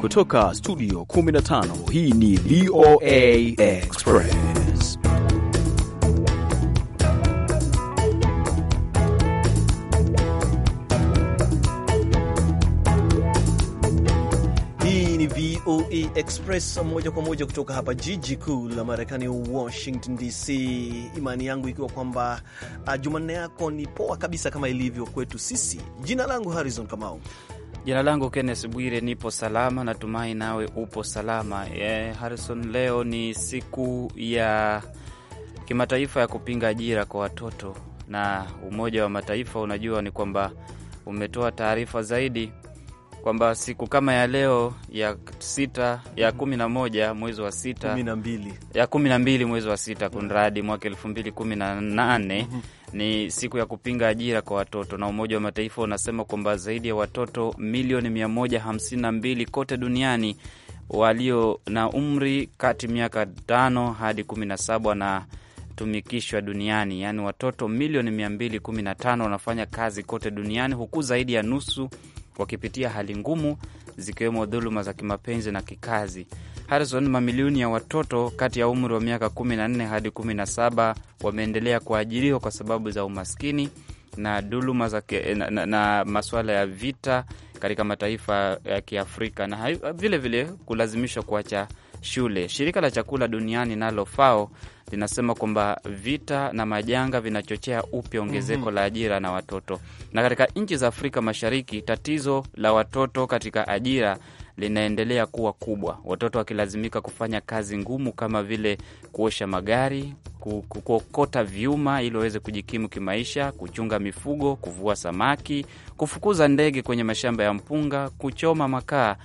Kutoka studio 15 hii ni VOA Express. Hii ni VOA Express moja kwa moja kutoka hapa jiji kuu la Marekani, Washington DC. Imani yangu ikiwa kwamba ah, Jumanne yako ni poa kabisa kama ilivyo kwetu sisi. Jina langu Harrison Kamau Jina langu Kennes Bwire, nipo salama, natumai nawe upo salama. Yeah, Harrison, leo ni siku ya kimataifa ya kupinga ajira kwa watoto, na Umoja wa Mataifa unajua ni kwamba umetoa taarifa zaidi kwamba siku kama ya leo ya sita ya mm-hmm. kumi na moja mwezi wa sita, kumi na mbili, ya kumi na mbili mwezi wa sita kunradi mwaka elfu mbili kumi na nane mm-hmm ni siku ya kupinga ajira kwa watoto, na Umoja wa Mataifa unasema kwamba zaidi ya watoto milioni 152 kote duniani walio na umri kati miaka 5 hadi 17 wanatumikishwa duniani, yaani watoto milioni 215 wanafanya kazi kote duniani, huku zaidi ya nusu wakipitia hali ngumu zikiwemo dhuluma za kimapenzi na kikazi. Harrison, mamilioni ya watoto kati ya umri wa miaka 14 hadi 17 wameendelea kuajiriwa kwa sababu za umaskini na dhuluma na, na, na masuala ya vita katika mataifa ya Kiafrika na vilevile kulazimishwa kuacha shule. Shirika la chakula duniani nalo FAO linasema kwamba vita na majanga vinachochea upya ongezeko mm -hmm. la ajira na watoto, na katika nchi za Afrika Mashariki tatizo la watoto katika ajira linaendelea kuwa kubwa, watoto wakilazimika kufanya kazi ngumu kama vile kuosha magari, kuokota vyuma ili waweze kujikimu kimaisha, kuchunga mifugo, kuvua samaki, kufukuza ndege kwenye mashamba ya mpunga, kuchoma makaa,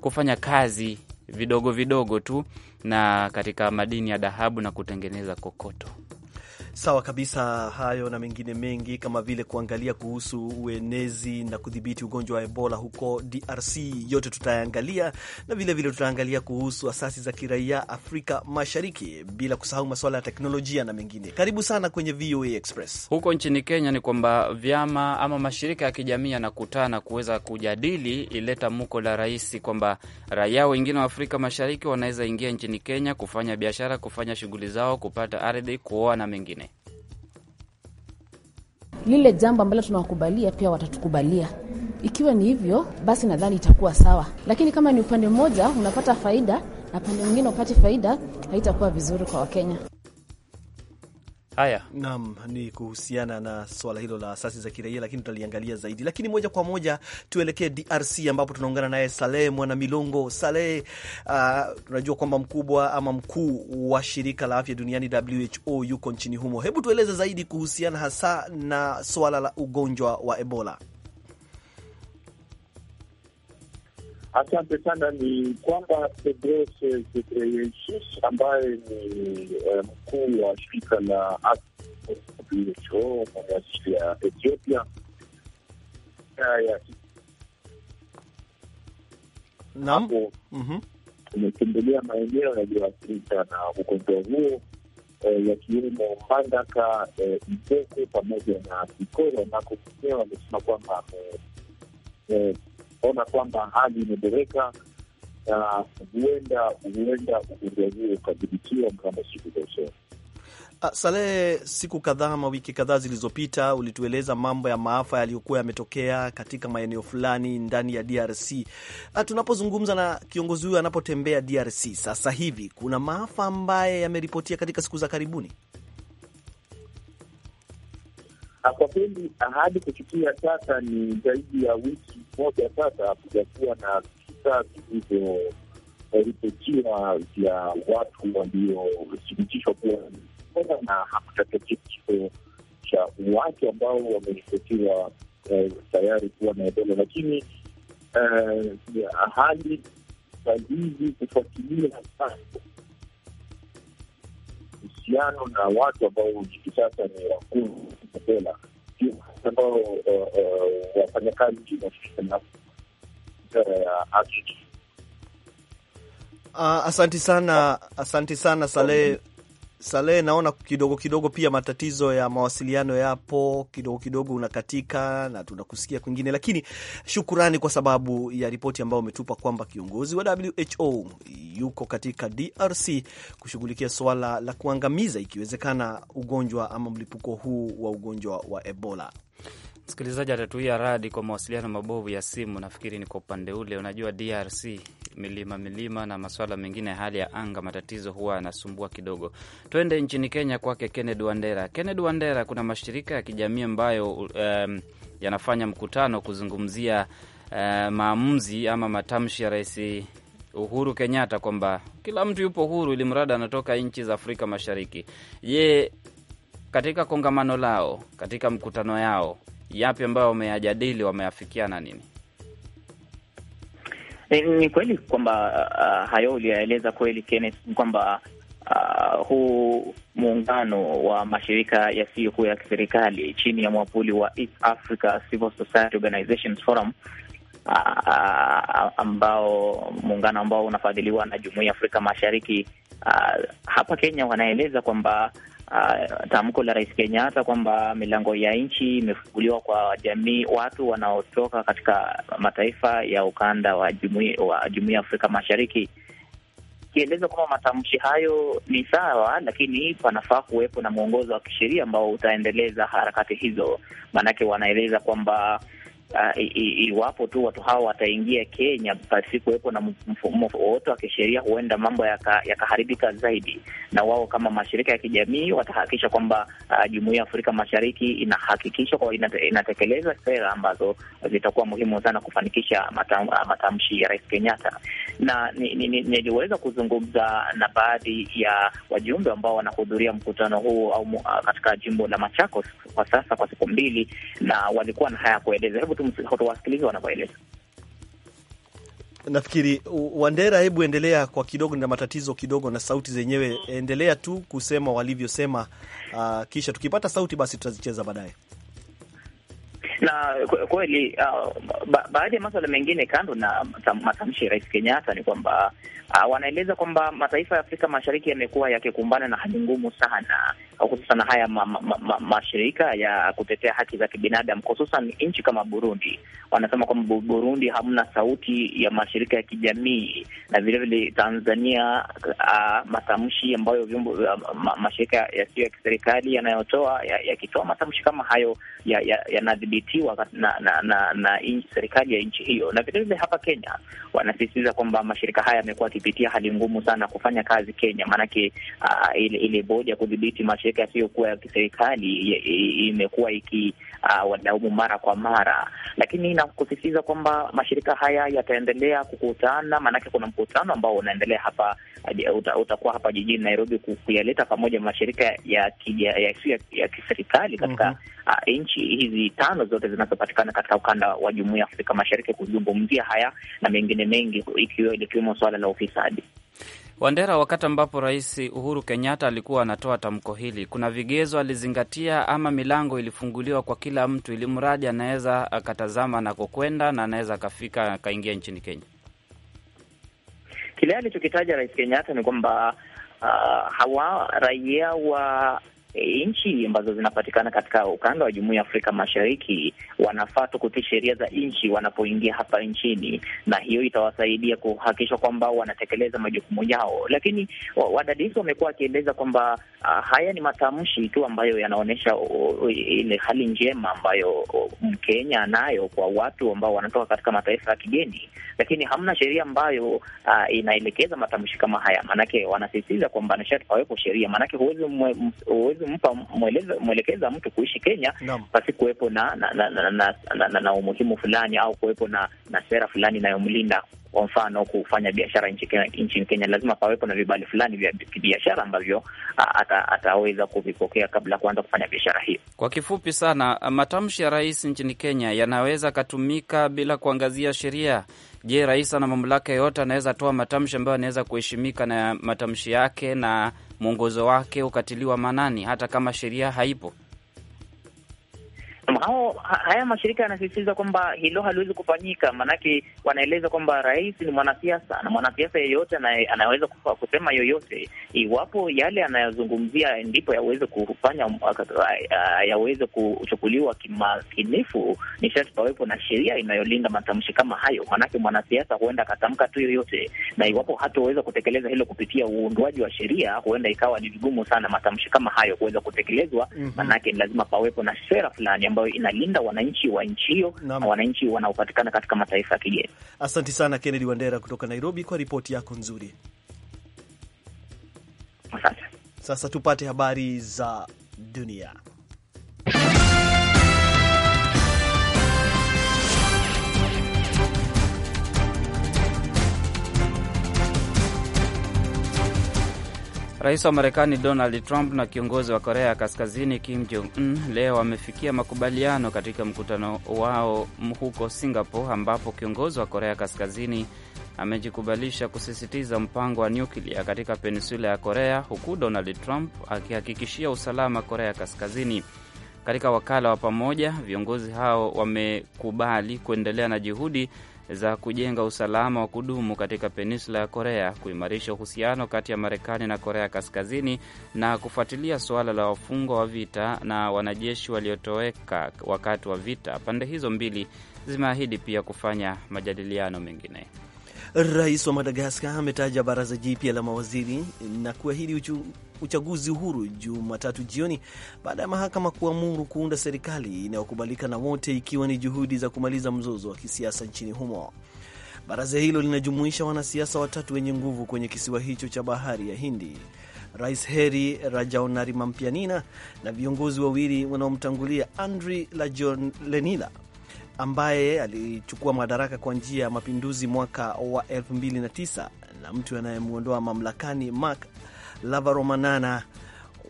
kufanya kazi vidogo vidogo tu na katika madini ya dhahabu na kutengeneza kokoto. Sawa kabisa, hayo na mengine mengi kama vile kuangalia kuhusu uenezi na kudhibiti ugonjwa wa Ebola huko DRC, yote tutayangalia na vilevile tutaangalia kuhusu asasi za kiraia Afrika Mashariki, bila kusahau masuala ya teknolojia na mengine. Karibu sana kwenye VOA Express. Huko nchini Kenya ni kwamba vyama ama mashirika ya kijamii yanakutana kuweza kujadili ile tamko la rais kwamba raia wengine wa Afrika Mashariki wanaweza ingia nchini Kenya kufanya biashara, kufanya shughuli zao, kupata ardhi, kuoa na mengine lile jambo ambalo tunawakubalia pia watatukubalia. Ikiwa ni hivyo, basi nadhani itakuwa sawa, lakini kama ni upande mmoja unapata faida na pande mwingine upate faida, haitakuwa vizuri kwa Wakenya. Haya, naam, ni kuhusiana na swala hilo la asasi za kiraia, lakini tutaliangalia zaidi. Lakini moja kwa moja tuelekee DRC ambapo tunaungana naye Saleh Mwana Milongo. Saleh, uh, tunajua kwamba mkubwa ama mkuu wa shirika la afya duniani WHO yuko nchini humo. Hebu tueleze zaidi kuhusiana hasa na swala la ugonjwa wa Ebola. Asante sana. Ni kwamba Tedros Ghebreyesus ambaye ni eh, mkuu wa shirika la WHO mwenye asili ya Ethiopia mm-hmm. hapo umetembelea maeneo yaliyoathirika na ugonjwa huo eh, yakiwemo Mbandaka, eh, Iteke pamoja na Kikoro, ambako mwenyewe amesema kwamba ona kwamba hali imeboreka na huenda huenda ugonjwa huo ukadhibitiwa mkama siku za usoni. Ah, Salehe, siku kadhaa ama wiki kadhaa zilizopita ulitueleza mambo ya maafa yaliyokuwa yametokea katika maeneo fulani ndani ya DRC. Ah, tunapozungumza na kiongozi huyo anapotembea DRC sasa hivi, kuna maafa ambaye yameripotia katika siku za karibuni? Ah, kwa kweli hadi kufikia sasa ni zaidi ya wiki moja sasa hakujakuwa na visa vilivyoripotiwa eh, vya watu waliothibitishwa kuwa koa na hakutatokea kifo cha watu ambao wameripotiwa eh, tayari kuwa na Ebola, lakini eh, hali sahizi kufuatilia uhusiano na watu ambao hivi sasa ni wakuu Mandela ambao eh, eh, wafanyakazi na idara ya haki. Ah, Asante sana, asanti sana Saleh. Saleh, naona kidogo kidogo pia matatizo ya mawasiliano yapo kidogo kidogo, unakatika na tunakusikia kwingine, lakini shukurani kwa sababu ya ripoti ambayo umetupa kwamba kiongozi wa WHO yuko katika DRC kushughulikia swala la kuangamiza ikiwezekana ugonjwa ama mlipuko huu wa ugonjwa wa Ebola. Msikilizaji atatuia radi kwa mawasiliano mabovu ya simu, nafikiri ni kwa upande ule, unajua DRC milima milima na maswala mengine ya hali ya anga, matatizo huwa yanasumbua kidogo. Twende nchini Kenya kwake Kennedy Wandera. Kennedy Wandera, kuna mashirika ya kijamii ambayo um, yanafanya mkutano kuzungumzia uh, maamuzi ama matamshi ya Rais Uhuru Kenyatta kwamba kila mtu yupo huru ili mradi anatoka nchi za Afrika Mashariki. Je, katika kongamano lao, katika mkutano yao, yapi ambayo wameyajadili, wameyafikiana nini? Eh, ni kweli kwamba uh, hayo uliyaeleza kweli Kenneth, kwamba uh, huu muungano wa mashirika yasiyokuwa ya kiserikali chini ya mwapuli wa East Africa Civil Society Organizations Forum uh, ambao muungano ambao unafadhiliwa na Jumuiya ya Afrika Mashariki uh, hapa Kenya wanaeleza kwamba uh, tamko la Rais Kenyatta kwamba milango ya nchi imefunguliwa kwa jamii, watu wanaotoka katika mataifa ya ukanda wa jumuiya wa jumuiya ya Afrika Mashariki, ikieleza kwamba matamshi hayo ni sawa, lakini panafaa kuwepo na mwongozo wa kisheria ambao utaendeleza harakati hizo. Maanake wanaeleza kwamba uh, iwapo tu watu hawa wataingia Kenya basi kuwepo na mfumo wowote wa kisheria, huenda mambo yakaharibika yaka zaidi, na wao kama mashirika ya kijamii watahakikisha kwamba uh, jumuiya ya Afrika Mashariki inahakikisha kwa inate, inatekeleza sera ambazo zitakuwa muhimu sana kufanikisha ah, matamshi ya Rais Kenyatta, na niliweza kuzungumza na baadhi ya wajumbe ambao wanahudhuria mkutano huu au uh, katika jimbo la Machakos kwa sasa kwa siku mbili, na walikuwa na haya kueleza. Hebu tuwasikilize wanavyoeleza. Nafikiri Wandera, hebu endelea kwa kidogo, na matatizo kidogo na sauti zenyewe. Endelea tu kusema walivyosema, uh, kisha tukipata sauti basi tutazicheza baadaye na kweli uh, ba baadhi ya maswala mengine kando na matamshi ya Rais Kenyatta ni kwamba uh, wanaeleza kwamba mataifa ya Afrika Mashariki yamekuwa yakikumbana na hali ngumu sana, hususan haya ma ma ma mashirika ya kutetea haki za kibinadamu, hususan nchi kama Burundi. Wanasema kwamba Burundi hamna sauti ya mashirika ya kijamii, na vilevile Tanzania, uh, matamshi ambayo vyombo uh, ma mashirika yasiyo ya kiserikali yanayotoa yakitoa ya matamshi kama hayo yanadhibiti ya kudhibitiwa na na, na, na serikali ya nchi hiyo. Na vilevile hapa Kenya wanasisitiza kwamba mashirika haya yamekuwa yakipitia hali ngumu sana kufanya kazi Kenya, maanake uh, ile, ile bodi ya kudhibiti mashirika yasiyokuwa ya kiserikali imekuwa iki uh, wanaumu mara kwa mara, lakini nakusisitiza kwamba mashirika haya yataendelea kukutana, maanake kuna mkutano ambao unaendelea hapa uh, uta, utakuwa hapa jijini Nairobi kuyaleta pamoja mashirika ya yasiyo ya kiserikali katika mm -hmm. uh, nchi hizi tano zote zinazopatikana katika ukanda wa Jumuiya ya Afrika Mashariki kuzungumzia haya na mengine mengi, ikiwemo suala la ufisadi. Wandera, wakati ambapo Rais Uhuru Kenyatta alikuwa anatoa tamko hili, kuna vigezo alizingatia ama milango ilifunguliwa kwa kila mtu, ili mradi anaweza akatazama anakokwenda na anaweza akafika akaingia nchini Kenya? Kile alichokitaja Rais Kenyatta ni kwamba uh, hawa raia wa e, nchi ambazo zinapatikana katika ukanda wa Jumuiya ya Afrika Mashariki wanafaa tu kutii sheria za nchi wanapoingia hapa nchini, na hiyo itawasaidia kuhakikisha kwamba wanatekeleza majukumu yao. Lakini wadadisi wamekuwa wakieleza kwamba uh, haya ni matamshi tu ambayo yanaonyesha ile hali njema ambayo Mkenya anayo kwa watu ambao wanatoka katika mataifa ya kigeni, lakini hamna sheria ambayo uh, inaelekeza matamshi kama haya. Maanake wanasisitiza kwamba nishati pawepo sheria, maanake huwezi kumpa mwelekeza mtu kuishi Kenya basi kuwepo na na, na, na, na, na, na, na umuhimu fulani au kuwepo na, na sera fulani inayomlinda kwa mfano kufanya biashara nchini Kenya, lazima pawepo na vibali fulani vya kibiashara ambavyo ata, ataweza kuvipokea kabla ya kuanza kufanya biashara hiyo. Kwa kifupi sana, matamshi ya rais nchini Kenya yanaweza akatumika bila kuangazia sheria. Je, rais ana mamlaka yoyote? Anaweza toa matamshi ambayo anaweza kuheshimika na matamshi yake na mwongozo wake ukatiliwa maanani hata kama sheria haipo? hao haya mashirika yanasisitiza kwamba hilo haliwezi kufanyika, maanake wanaeleza kwamba rais ni mwanasiasa na mwanasiasa yeyote anaweza kusema yoyote, iwapo yale anayozungumzia ndipo yaweze kufanya yaweze kuchukuliwa kimakinifu, ni sharti pawepo na sheria inayolinda matamshi kama hayo, maanake mwanasiasa huenda akatamka tu yoyote, na iwapo hatuweza kutekeleza hilo kupitia uundwaji wa sheria, huenda ikawa ni vigumu sana matamshi kama hayo kuweza kutekelezwa, maanake mhm. mm -hmm. Lazima pawepo na sera fulani ambayo inalinda wananchi wa nchi hiyo na wananchi wanaopatikana katika mataifa ya kigeni. Asante sana Kennedy Wandera kutoka Nairobi kwa ripoti yako nzuri. Asante. Sasa tupate habari za dunia. Rais wa Marekani Donald Trump na kiongozi wa Korea ya Kaskazini Kim Jong Un leo wamefikia makubaliano katika mkutano wao huko Singapore, ambapo kiongozi wa Korea Kaskazini amejikubalisha kusisitiza mpango wa nyuklia katika peninsula ya Korea, huku Donald Trump akihakikishia usalama Korea Kaskazini. Katika wakala wa pamoja, viongozi hao wamekubali kuendelea na juhudi za kujenga usalama wa kudumu katika peninsula ya Korea, kuimarisha uhusiano kati ya Marekani na Korea Kaskazini na kufuatilia suala la wafungwa wa vita na wanajeshi waliotoweka wakati wa vita. Pande hizo mbili zimeahidi pia kufanya majadiliano mengine. Rais wa Madagaskar ametaja baraza jipya la mawaziri na kuahidi uchaguzi huru Jumatatu jioni baada ya mahakama kuamuru kuunda serikali inayokubalika na wote, ikiwa ni juhudi za kumaliza mzozo wa kisiasa nchini humo. Baraza hilo linajumuisha wanasiasa watatu wenye nguvu kwenye kisiwa hicho cha bahari ya Hindi, Rais Heri Rajaonarimampianina na viongozi wawili wanaomtangulia Andry Rajoelina ambaye alichukua madaraka kwa njia ya mapinduzi mwaka wa 2009 na mtu anayemwondoa mamlakani Marc Lavaromanana.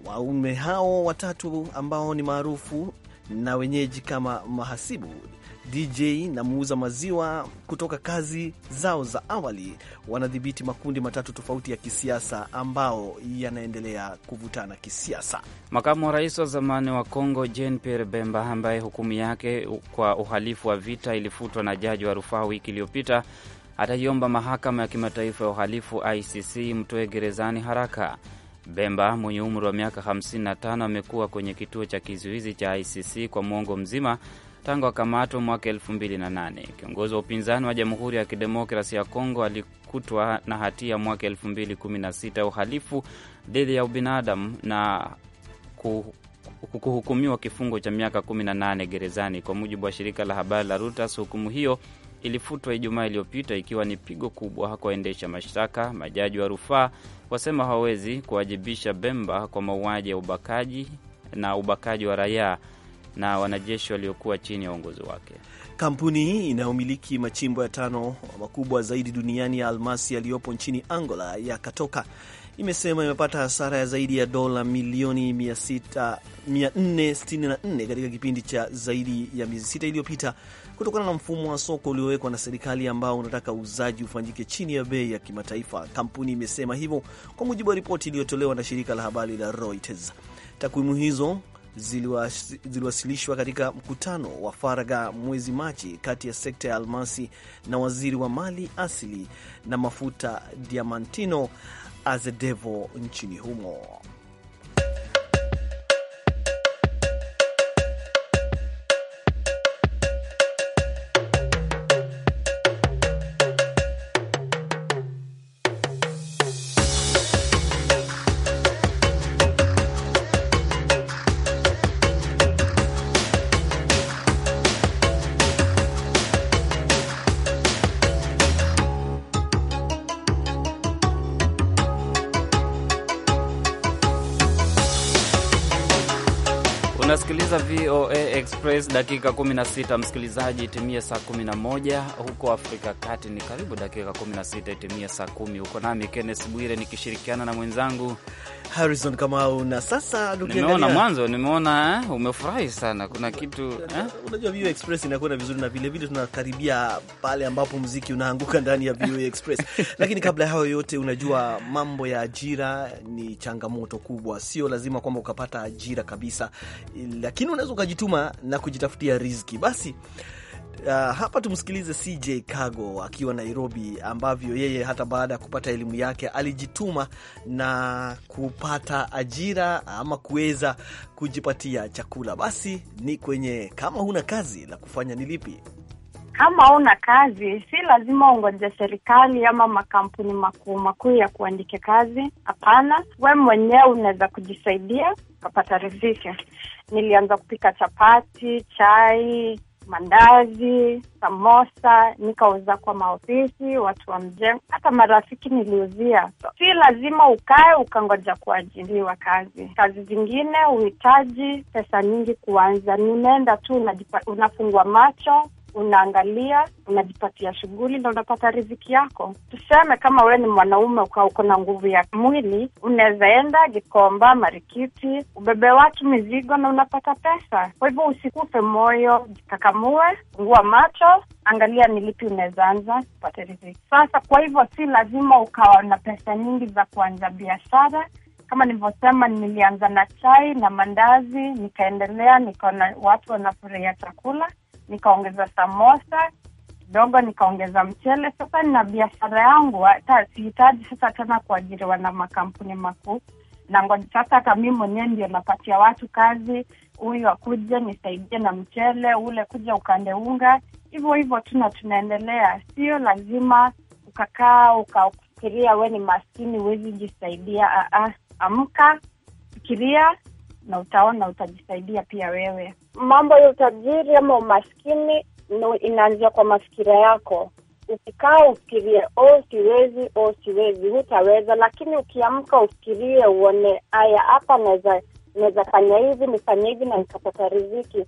Waume hao watatu ambao ni maarufu na wenyeji kama mahasibu DJ na muuza maziwa kutoka kazi zao za awali wanadhibiti makundi matatu tofauti ya kisiasa ambao yanaendelea kuvutana kisiasa. Makamu wa rais wa zamani wa Kongo Jean Pierre Bemba, ambaye hukumu yake kwa uhalifu wa vita ilifutwa na jaji wa rufaa wiki iliyopita, ataiomba mahakama ya kimataifa ya uhalifu ICC mtoe gerezani haraka. Bemba mwenye umri wa miaka 55 amekuwa kwenye kituo cha kizuizi cha ICC kwa mwongo mzima tangu akamatwa mwaka nane. Kiongozi wa upinzani wa Jamhuri ya Kidemokrasi ya Kongo alikutwa na hatia mwaka 2016 ya uhalifu dhidi ya ubinadamu na ku kuhukumiwa kifungo cha miaka 18 gerezani, kwa mujibu wa shirika la habari la Reuters. Hukumu hiyo ilifutwa Ijumaa iliyopita ikiwa ni pigo kubwa kwa waendesha mashtaka. Majaji wa rufaa wasema hawawezi kuwajibisha Bemba kwa mauaji ya ubakaji na ubakaji wa raia na wanajeshi waliokuwa chini ya uongozi wake. Kampuni hii inayomiliki machimbo ya tano makubwa zaidi duniani ya almasi yaliyopo nchini Angola ya Katoka imesema imepata hasara ya zaidi ya dola milioni 464 katika kipindi cha zaidi ya miezi sita iliyopita kutokana na mfumo wa soko uliowekwa na serikali ambao unataka uuzaji ufanyike chini ya bei ya kimataifa. Kampuni imesema hivyo kwa mujibu wa ripoti iliyotolewa na shirika la habari la Reuters. Takwimu hizo ziliwasilishwa katika mkutano wa faragha mwezi Machi kati ya sekta ya almasi na waziri wa mali asili na mafuta Diamantino Azedevo nchini humo. Unasikiliza VOA Express dakika 16, msikilizaji, itimie saa 11 huko Afrika Kati ni karibu dakika 16 itimie saa 10 huko, nami Kennes Bwire nikishirikiana na mwenzangu Harrison Kamau. Na sasa nimeona mwanzo, nimeona eh, umefurahi sana, kuna kitu eh? Unajua VOA Express inakwenda vizuri na vilevile vile tunakaribia pale ambapo mziki unaanguka ndani ya VOA Express lakini kabla ya hayo yote, unajua mambo ya ajira ni changamoto kubwa, sio lazima kwamba ukapata ajira kabisa lakini unaweza ukajituma na kujitafutia riziki. Basi uh, hapa tumsikilize CJ Kago akiwa Nairobi, ambavyo yeye hata baada ya kupata elimu yake alijituma na kupata ajira ama kuweza kujipatia chakula. Basi ni kwenye kama huna kazi la kufanya ni lipi? Kama una kazi, si lazima ungoje serikali ama makampuni makuu makuu ya kuandike kazi. Hapana, we mwenyewe unaweza kujisaidia ukapata riziki. Nilianza kupika chapati, chai, mandazi, samosa, nikauza kwa maofisi, watu wa mjengo, hata marafiki niliuzia. So, si lazima ukae ukangoja kuajiriwa kazi. Kazi zingine huhitaji pesa nyingi kuanza, ninaenda tu unafungua macho unaangalia, unajipatia shughuli na unapata riziki yako. Tuseme kama wewe ni mwanaume ukawa uko na nguvu ya mwili, unaweza enda Gikomba, Marikiti, ubebe watu mizigo na unapata pesa. Kwa hivyo usikufe moyo, jikakamue, ngua macho, angalia ni lipi unaweza anza upate riziki. Sasa kwa hivyo si lazima ukawa na pesa nyingi za kuanza biashara. Kama nilivyosema, nilianza na chai na mandazi, nikaendelea, nikaona watu wanafurahia chakula, nikaongeza samosa kidogo, nikaongeza mchele. Sasa nina biashara yangu, hata sihitaji sasa tena kuajiriwa na makampuni makuu na ngoja sasa, hata mi mwenyewe ndio napatia watu kazi, huyu akuja nisaidie na mchele ule, kuja ukande unga, hivyo hivyo tuna tunaendelea. Sio lazima ukakaa ukafikiria we ni maskini, huwezi jisaidia. Ah, ah, amka, fikiria na utaona utajisaidia pia wewe. Mambo ya utajiri ama umaskini no, inaanzia kwa mafikira yako. Ukikaa ufikirie o, oh, siwezi, o, oh, siwezi, hutaweza. Lakini ukiamka ufikirie, uone haya, hapa naweza fanya hivi, nifanye hivi na nikapata riziki.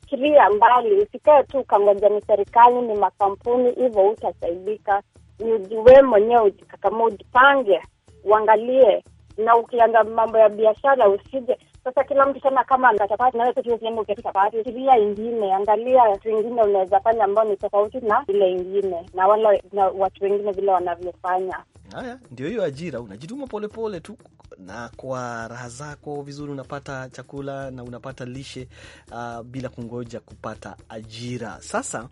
Fikiria mbali, usikae tu ukangoja ni serikali, ni makampuni, hivyo hutasaidika. Ni ujiwe mwenyewe, ujikakama, ujipange, uangalie. Na ukianza mambo ya biashara, usije sasa kila mtu tena, kama ana chapati nawe tuwezi enda uketi chapati, fikiria ingine, angalia watu wengine unaweza fanya ambao ni tofauti na ile ingine, na wala na watu wengine vile wanavyofanya. Haya ndio hiyo ajira, unajituma polepole tu na kwa raha zako vizuri, unapata chakula na unapata lishe uh, bila kungoja kupata ajira sasa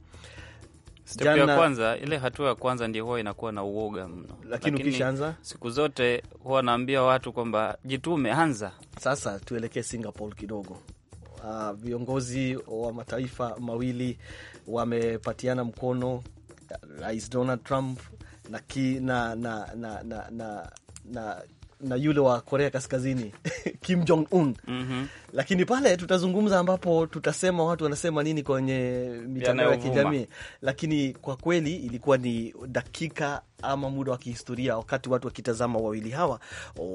step jana... ya kwanza ile hatua ya kwanza ndio huwa inakuwa na uoga mno, lakini ukishaanza, siku zote huwa naambia watu kwamba jitume, anza sasa. Tuelekee Singapore kidogo. Uh, viongozi wa mataifa mawili wamepatiana mkono, Rais Donald Trump na, ki, na, na, na, na, na, na na yule wa Korea Kaskazini Kim Jong Un mm -hmm. Lakini pale tutazungumza ambapo tutasema watu wanasema nini kwenye mitandao ya kijamii, lakini kwa kweli ilikuwa ni dakika ama muda wa kihistoria, wakati watu wakitazama wawili hawa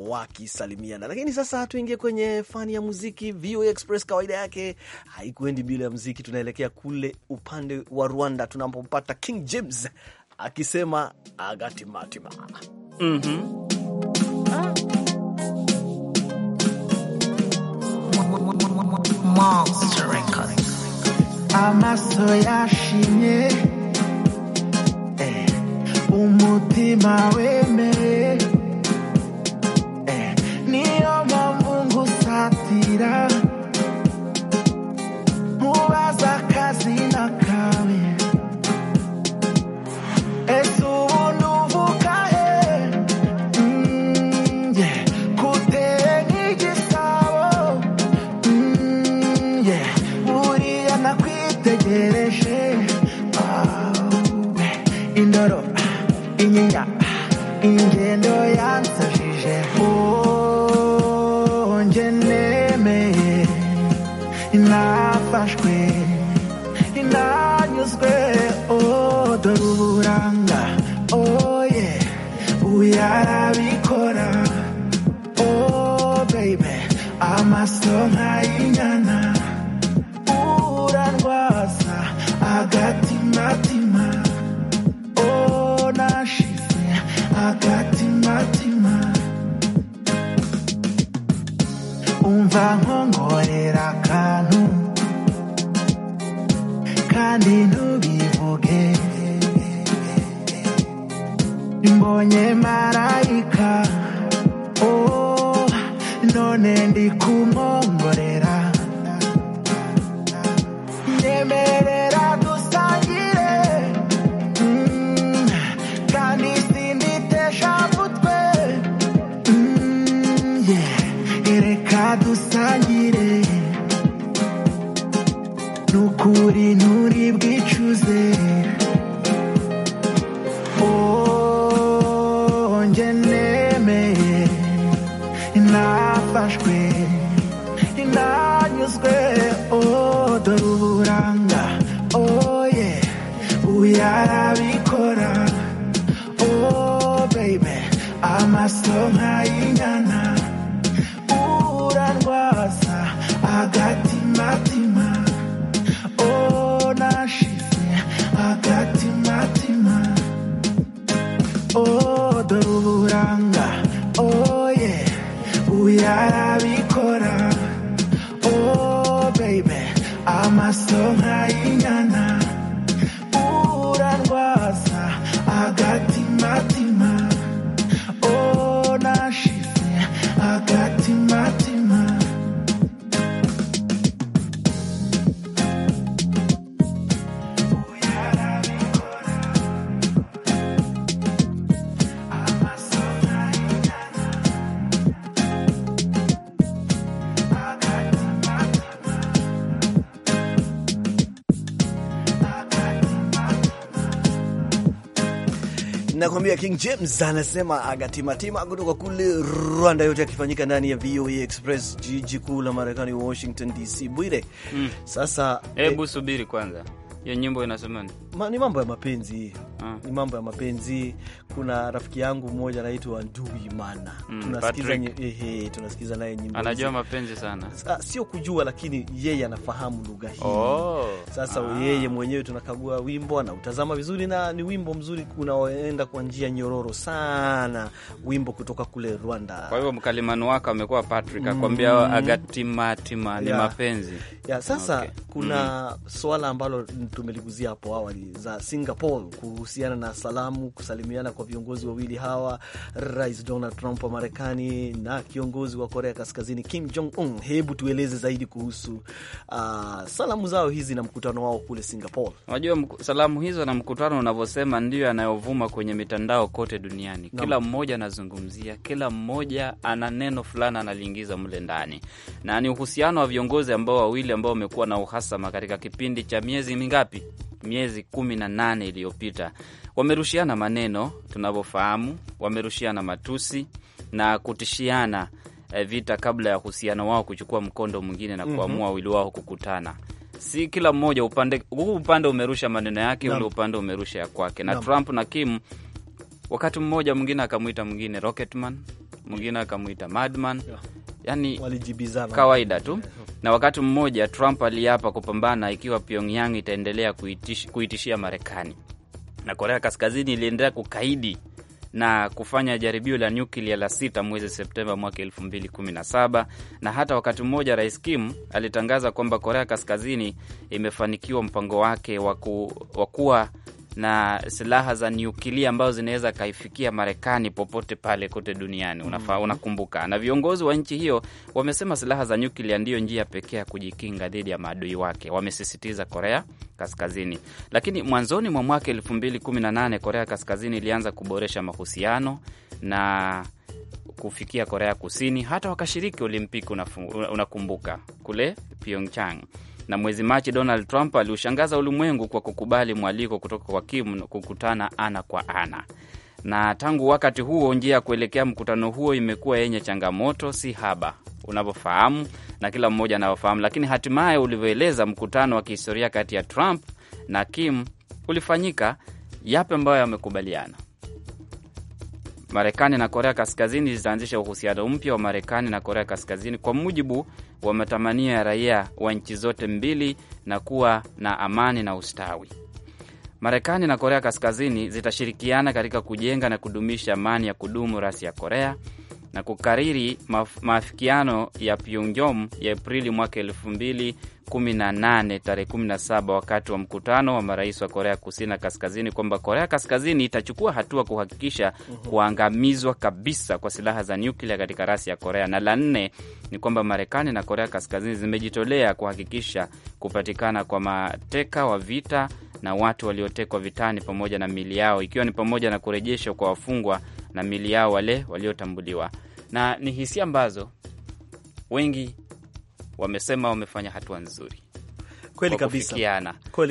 wakisalimiana. Lakini sasa tuingie kwenye fani ya muziki. VOA Express kawaida yake haikuendi bila ya muziki. Tunaelekea kule upande wa Rwanda tunapompata King James akisema agatimatima mm -hmm. Monster Records. Amaso yashimye eh, umutima wemeye eh, niyo mpamvu ngusatira nyinya ingendo yansajije oh njye nemeye nafashwe nanyuzwe oh uburanga oh uyarabikora oh baby amaso nkayi numva nkonkorera akantu kandi ntubivuge mbonye marayika oh, none ndi kumwongorera nyemere high todavía Anakuambia King James anasema agatimatima kutoka kule Rwanda, yote akifanyika ndani ya VOA e Express, jiji kuu la Marekani, Washington DC. Bwire, mm. Sasa hebu eh, subiri kwanza, hiyo nyimbo inasema ni mambo ya mapenzi Ah. ni mambo ya mapenzi. Kuna rafiki yangu mmoja anaitwa Ndui Mana, mm, tunasikiza naye nyimbo, anajua mapenzi sana, sio kujua, lakini yeye anafahamu lugha hii oh. Sasa ah. yeye mwenyewe tunakagua wimbo, anautazama vizuri, na ni wimbo mzuri unaoenda kwa njia nyororo sana, wimbo kutoka kule Rwanda. Kwa hivyo mkalimani wako amekuwa Patrick akwambia mm. agatimatima ni yeah. mapenzi yeah. Sasa okay. kuna mm. swala ambalo tumeliguzia hapo awali za Singapore kuhusu kuhusiana na salamu kusalimiana kwa viongozi wawili hawa, Rais Donald Trump wa Marekani na kiongozi wa Korea Kaskazini Kim Jong Un. Hebu tueleze zaidi kuhusu uh, salamu zao hizi na mkutano wao kule Singapore. Unajua, salamu hizo na mkutano unavyosema ndiyo yanayovuma kwenye mitandao kote duniani no. Kila mmoja anazungumzia, kila mmoja ana neno fulani analiingiza mle ndani, na ni uhusiano wa viongozi ambao wawili ambao wamekuwa na uhasama katika kipindi cha miezi mingapi? Miezi kumi na nane iliyopita mm Wamerushiana maneno tunavyofahamu, wamerushiana matusi na kutishiana eh, vita kabla ya uhusiano wao kuchukua mkondo mwingine na kuamua mm -hmm. wawili wao kukutana. Si kila mmoja upande, huu upande umerusha maneno yake, ule upande umerusha ya kwake, na Nam. Trump na Kim wakati mmoja mwingine akamwita mwingine Rocketman, mwingine akamwita Madman Yani kawaida tu Na wakati mmoja Trump aliapa kupambana ikiwa Pyongyang itaendelea kuitish, kuitishia Marekani na Korea Kaskazini iliendelea kukaidi na kufanya jaribio la nyuklia la sita mwezi Septemba mwaka saba na hata wakati mmoja Rais Kim alitangaza kwamba Korea Kaskazini imefanikiwa mpango wake wa kuwa na silaha za nyuklia ambazo zinaweza kaifikia Marekani popote pale kote duniani. Mm-hmm. Unafaa, unakumbuka. Na viongozi wa nchi hiyo wamesema silaha za nyuklia ndiyo njia pekee ya kujikinga dhidi ya maadui wake, wamesisitiza Korea Kaskazini. Lakini mwanzoni mwa mwaka elfu mbili kumi na nane Korea Kaskazini ilianza kuboresha mahusiano na kufikia Korea Kusini, hata wakashiriki Olimpiki, unakumbuka, kule Pyeongchang. Na mwezi Machi, Donald Trump aliushangaza ulimwengu kwa kukubali mwaliko kutoka kwa Kim kukutana ana kwa ana, na tangu wakati huo njia ya kuelekea mkutano huo imekuwa yenye changamoto si haba, unavyofahamu na kila mmoja anavyofahamu. Lakini hatimaye, ulivyoeleza, mkutano wa kihistoria kati ya Trump na Kim ulifanyika. Yapi ambayo yamekubaliana? Marekani na Korea Kaskazini zitaanzisha uhusiano mpya wa Marekani na Korea Kaskazini kwa mujibu wa matamanio ya raia wa nchi zote mbili na kuwa na amani na ustawi. Marekani na Korea Kaskazini zitashirikiana katika kujenga na kudumisha amani ya kudumu rasi ya Korea na kukariri maafikiano ya Pyongyang ya Aprili mwaka 2018 tarehe 17 wakati wa mkutano wa marais wa Korea Kusini na Kaskazini kwamba Korea Kaskazini itachukua hatua kuhakikisha kuangamizwa kabisa kwa silaha za nyuklia katika rasi ya Korea. Na la nne ni kwamba Marekani na Korea Kaskazini zimejitolea kuhakikisha kupatikana kwa mateka wa vita na watu waliotekwa vitani pamoja na mili yao, ikiwa ni pamoja na kurejeshwa kwa wafungwa na mili yao wale waliotambuliwa. Na ni hisia ambazo wengi wamesema wamefanya hatua nzuri kweli kabisa,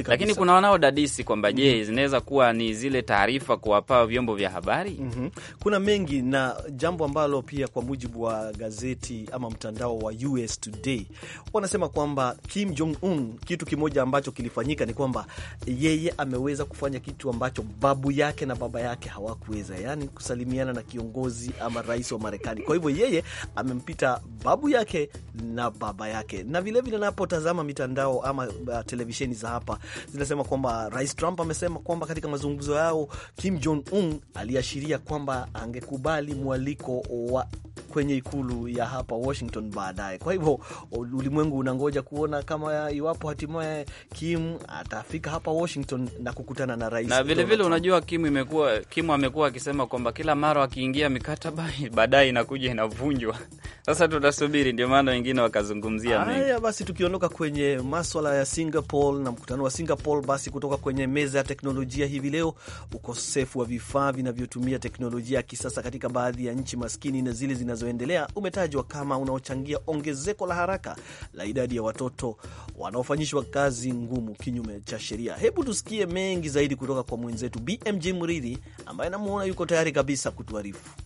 Lakini kuna wanaodadisi kwamba je, mm -hmm. zinaweza kuwa ni zile taarifa kuwapa vyombo vya habari mm -hmm. Kuna mengi na jambo ambalo pia kwa mujibu wa gazeti ama mtandao wa US Today wanasema kwamba Kim Jong Un, kitu kimoja ambacho kilifanyika ni kwamba yeye ameweza kufanya kitu ambacho babu yake na baba yake hawakuweza, yani kusalimiana na kiongozi ama rais wa Marekani. Kwa hivyo yeye amempita babu yake na baba yake. Na vilevile napotazama mitandao ama uh, televisheni za hapa zinasema kwamba Rais Trump amesema kwamba katika mazungumzo yao Kim Jong Un aliashiria kwamba angekubali mwaliko wa kwenye ikulu ya hapa Washington baadaye. Kwa hivyo ulimwengu unangoja kuona kama iwapo hatimaye Kim atafika hapa Washington na kukutana na rais. Na vilevile unajua, Kim imekuwa Kim amekuwa akisema kwamba kila mara akiingia mikataba baadaye inakuja inavunjwa. Sasa tutasubiri, ndio maana wengine wakazungumzia haya. Basi tukiondoka kwenye maswala ya Singapore na mkutano wa Singapore, basi kutoka kwenye meza ya teknolojia hivi leo, ukosefu wa vifaa vinavyotumia teknolojia ya kisasa katika baadhi ya nchi maskini na zile zinazoendelea umetajwa kama unaochangia ongezeko la haraka la idadi ya watoto wanaofanyishwa kazi ngumu kinyume cha sheria. Hebu tusikie mengi zaidi kutoka kwa mwenzetu BMJ mridhi ambaye namuona yuko tayari kabisa kutuarifu.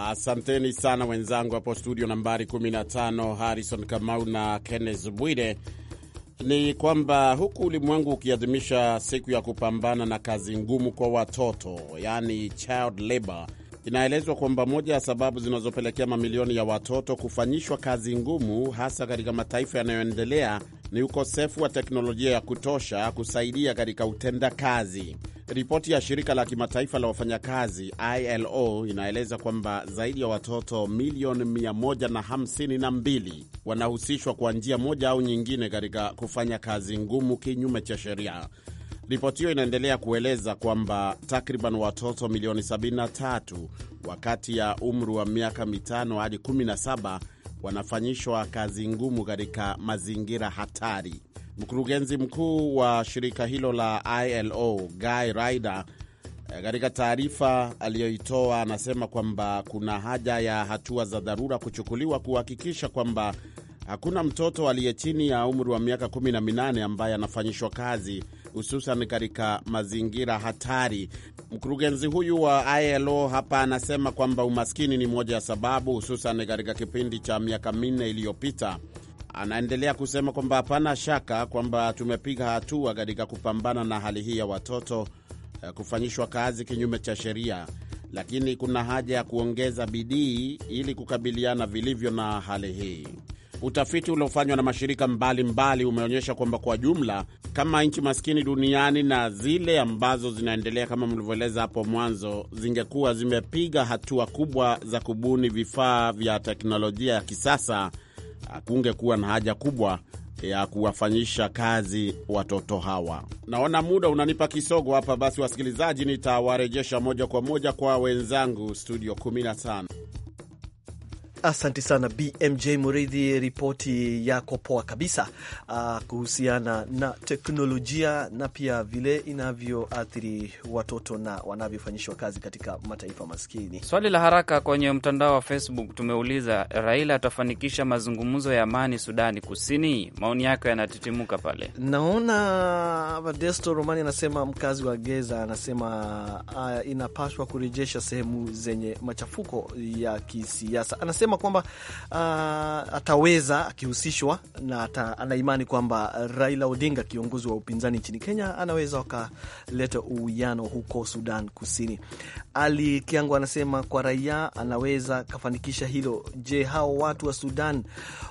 Asanteni uh, sana wenzangu hapo studio nambari 15 Harrison Kamau na Kenneth Bwire. Ni kwamba huku ulimwengu ukiadhimisha siku ya kupambana na kazi ngumu kwa watoto, yaani child labor, inaelezwa kwamba moja ya sababu zinazopelekea mamilioni ya watoto kufanyishwa kazi ngumu, hasa katika mataifa yanayoendelea, ni ukosefu wa teknolojia ya kutosha kusaidia katika utendakazi. Ripoti ya shirika la kimataifa la wafanyakazi ILO inaeleza kwamba zaidi ya watoto milioni 152 wanahusishwa kwa njia moja au nyingine katika kufanya kazi ngumu kinyume cha sheria. Ripoti hiyo inaendelea kueleza kwamba takriban watoto milioni 73 wakati ya umri wa miaka mitano hadi 17 wanafanyishwa kazi ngumu katika mazingira hatari. Mkurugenzi mkuu wa shirika hilo la ILO Guy Ryder eh, katika taarifa aliyoitoa anasema kwamba kuna haja ya hatua za dharura kuchukuliwa kuhakikisha kwamba hakuna mtoto aliye chini ya umri wa miaka 18 ambaye anafanyishwa kazi hususan katika mazingira hatari. Mkurugenzi huyu wa ILO hapa anasema kwamba umaskini ni moja ya sababu, hususan katika kipindi cha miaka minne iliyopita Anaendelea kusema kwamba hapana shaka kwamba tumepiga hatua katika kupambana na hali hii ya watoto eh, kufanyishwa kazi kinyume cha sheria, lakini kuna haja ya kuongeza bidii ili kukabiliana vilivyo na hali hii. Utafiti uliofanywa na mashirika mbalimbali mbali umeonyesha kwamba kwa jumla, kama nchi maskini duniani na zile ambazo zinaendelea kama mlivyoeleza hapo mwanzo, zingekuwa zimepiga hatua kubwa za kubuni vifaa vya teknolojia ya kisasa kungekuwa na haja kubwa ya kuwafanyisha kazi watoto hawa. Naona muda unanipa kisogo hapa, basi wasikilizaji, nitawarejesha moja kwa moja kwa wenzangu studio 15. Asante sana BMJ Muridhi, ripoti yako poa kabisa uh, kuhusiana na teknolojia na pia vile inavyoathiri watoto na wanavyofanyishwa kazi katika mataifa maskini. Swali la haraka kwenye mtandao wa Facebook tumeuliza, Raila atafanikisha mazungumzo ya amani Sudani Kusini? Maoni yako yanatitimuka pale. Naona Vadesto Romani anasema, mkazi wa Geza anasema, uh, inapaswa kurejesha sehemu zenye machafuko ya kisiasa anasema amesema kwamba uh, ataweza akihusishwa na ata, anaimani kwamba Raila Odinga kiongozi wa upinzani nchini Kenya anaweza wakaleta uwiano huko Sudan Kusini. Ali Kiango anasema kwa raia anaweza kafanikisha hilo. Je, hao watu wa Sudan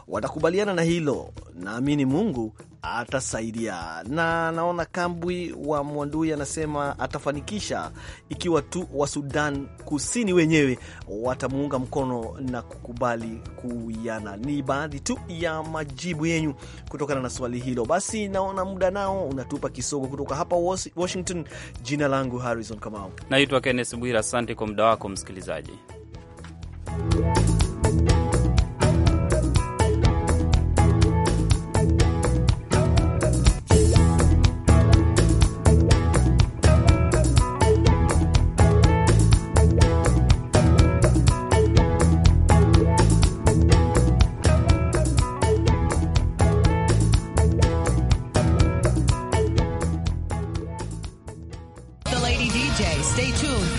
watakubaliana na hilo? Naamini Mungu atasaidia. Na naona Kambwi wa Mwandui anasema atafanikisha ikiwa tu wa Sudan Kusini wenyewe watamuunga mkono na kukubali kuiana. Ni baadhi tu ya majibu yenyu kutokana na swali hilo. Basi naona muda nao unatupa kisogo. Kutoka hapa Washington, jina langu Harrison Kamau, naitwa Kenneth Bwira. Asante kwa muda wako msikilizaji.